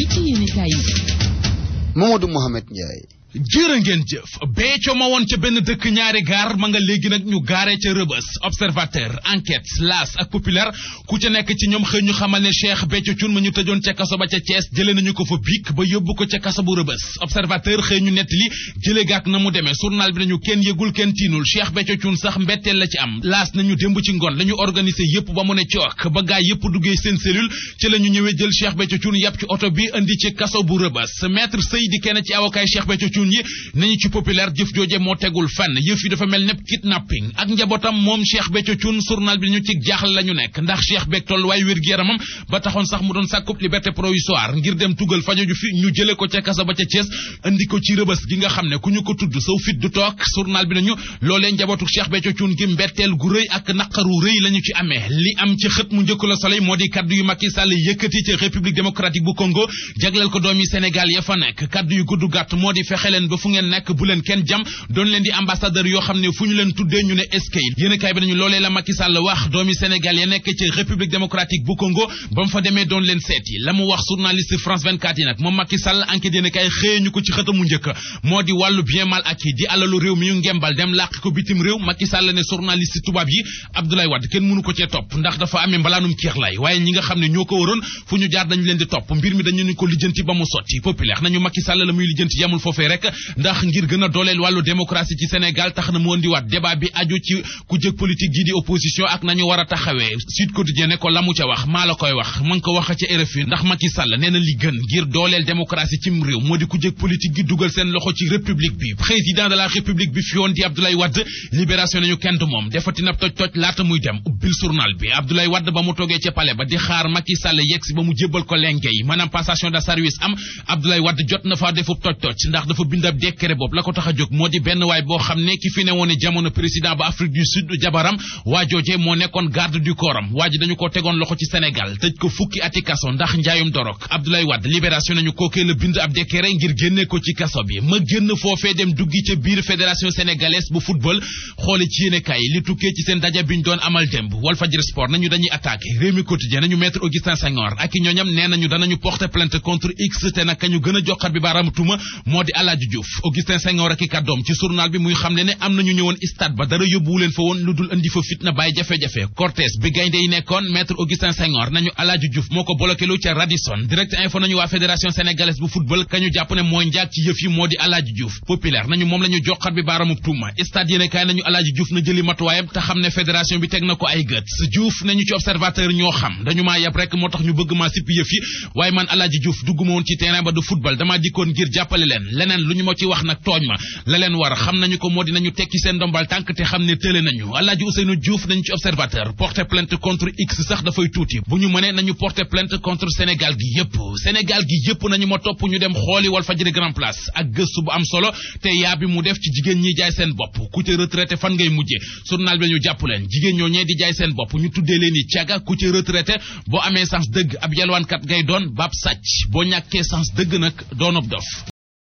li ci yéene kaay yi Mamadou Mouhamed jërë ngeen jëf beeco ma woon ca benn dëkk ñaari gaar ma nga léegi nag ñu gaare ca rëbës observateur enquête las ak populaire ku ca nekk ci ñoom xëy ñu xamal ne Cheikh Béthio Thioune ma ñu tëjoon ca kaso ba ca Thiès jëlee nañu ko fa biig ba yóbbu ko ca kaso bu rëbës observateur xëy ñu nettali jële gaak na mu demee journal bi nañu kenn yëgul kenn tiinul Cheikh Béthio Thioune sax mbetteel la ci am laas nañu démb ci ngoon lañu ñu organiser yëpp ba mu ne cook ba gaay yëpp duggee seen cellule ci la jël Cheikh Béthio oto bi indi ci kaso bu rëbës maître Seydi kenn ci awokaay cuun yi nañu ci populaire jëf jooje moo tegul fenn yëf yi dafa mel ne kidnapping ak njabootam moom Cheikh Béthio Thioune journal bi ñu ci jaaxle la ñu nekk ndax Cheikh Béthio tolluwaay wér-gu-yaramam ba taxoon sax mu doon sàkkub liberté provisoire ngir dem tugal fajo ju fi ñu jële ko ca kasa ba ca Thiès indi ko ci rëbës gi nga xam ne ku ñu ko tudd saw fit du toog journal bi nañu loolee njabootu Cheikh Béthio Thioune gi mbetteel gu rëy ak naqaru rëy lañu ci amee li am mu njëkk la Soleil moo di kaddu yu Macky Sall yëkkati ci République démocratique bu ko doomi Sénégal ya fa nekk kaddu yu leen ba fu ngeen nekk bu leen kenn jam doon leen di ambassadeur yoo xam ne fu ñu leen tuddee ñu ne eskay yéen bi nañu loolee la Macky wax doomi Sénégal ya nekk ci République démocratique bu Congo ba mu fa demee doon leen seeti la mu wax journaliste France 24 yi nag moom Macky Sall enquête yéen a ñu ko ci xëtamu njëkk moo di wàllu bien mal acquis di alalu réew mi ñu ngembal dem làq ko bitim réew Macky Sall ne journaliste rek ndax ngir gën a dooleel wàllu démocratie ci Sénégal tax na mu indiwaat débat bi aju ci ku jëkk politique ji di opposition ak nañu war taxawee Sud Quotidien ne ko la mu ca wax maa koy wax ma ko wax ci RFI ndax Macky Sall nee na li gën ngir dooleel démocratie cim réew moo di ku jëkk politique gi dugal seen loxo ci république bi président de la république bi fi di Abdoulaye Wade libération nañu kenn moom defati na toj toj laata muy dem ubbil journal ba mu toogee ca palais ba di xaar Macky Sall yegg si ba mu jébbal ko lenke de service am bind ab décret boobu la ko tax a jóg moo di benn waay boo xam ne ki fi ne woone jamono président ba Afrique du Sud jabaram waajooje moo nekkoon garde du corps waa ji dañu ko tegoon loxo ci Sénégal tëj ko fukki ati kaso ndax njaayum dorog Abdoulaye Wade libération nañu kookee la bind ab décret ngir génne ko ci kaso bi ma génn foofee dem duggi ca biir fédération sénégalaise bu football xoole ci yéenekaay li tukkee ci seen daja biñ doon amal démb i ñooñam nee nañu danañu porter plainte contre X te nag kañu gën a joxar bi baaraam tuuma moo Aji Augustin Senghor ak i ci journal bi muy xam ne ne am nañu ñëwoon stade ba dara yóbbuwu fa woon lu dul indi fa fitna bàyyi jafe-jafe cortège bi gaynde yi nekkoon maître Augustin Senghor nañu Alaaji Diouf moo ko bloqué ca Radisson direct info nañu waa fédération sénégalaise bu football kañu jàpp ne mooy njaag ci yëf yi moo di Alaaji Diouf populaire nañu moom la ñu bi baaramu tuuma stade yéene kaay nañu Alaaji Diouf na jëli matuwaayam lu ñu ma ci wax nag tooñ ma la leen war xam nañu ko moo dinañu tekki seen ndombal tànk te xam ne tële nañu Alaaji Ousseynou Diouf nañu ci observateur porter plainte contre x sax dafay tuuti bu ñu mënee nañu porter plainte contre Sénégal gi yëpp Sénégal gi yëpp nañu ma topp ñu dem xooli Walfadjri Grand Place ak gëstu bu am solo te yaa bi mu def ci jigéen ñi jaay seen bopp ku ci retraité fan ngay mujje journal bi ñu jàpp leen jigéen ñoo ñee di jaay seen bopp ñu tuddee leen i caga ku ci retraité boo amee sens dëgg ab ngay doon baab sàcc boo ñàkkee sens dëgg nag doonub dof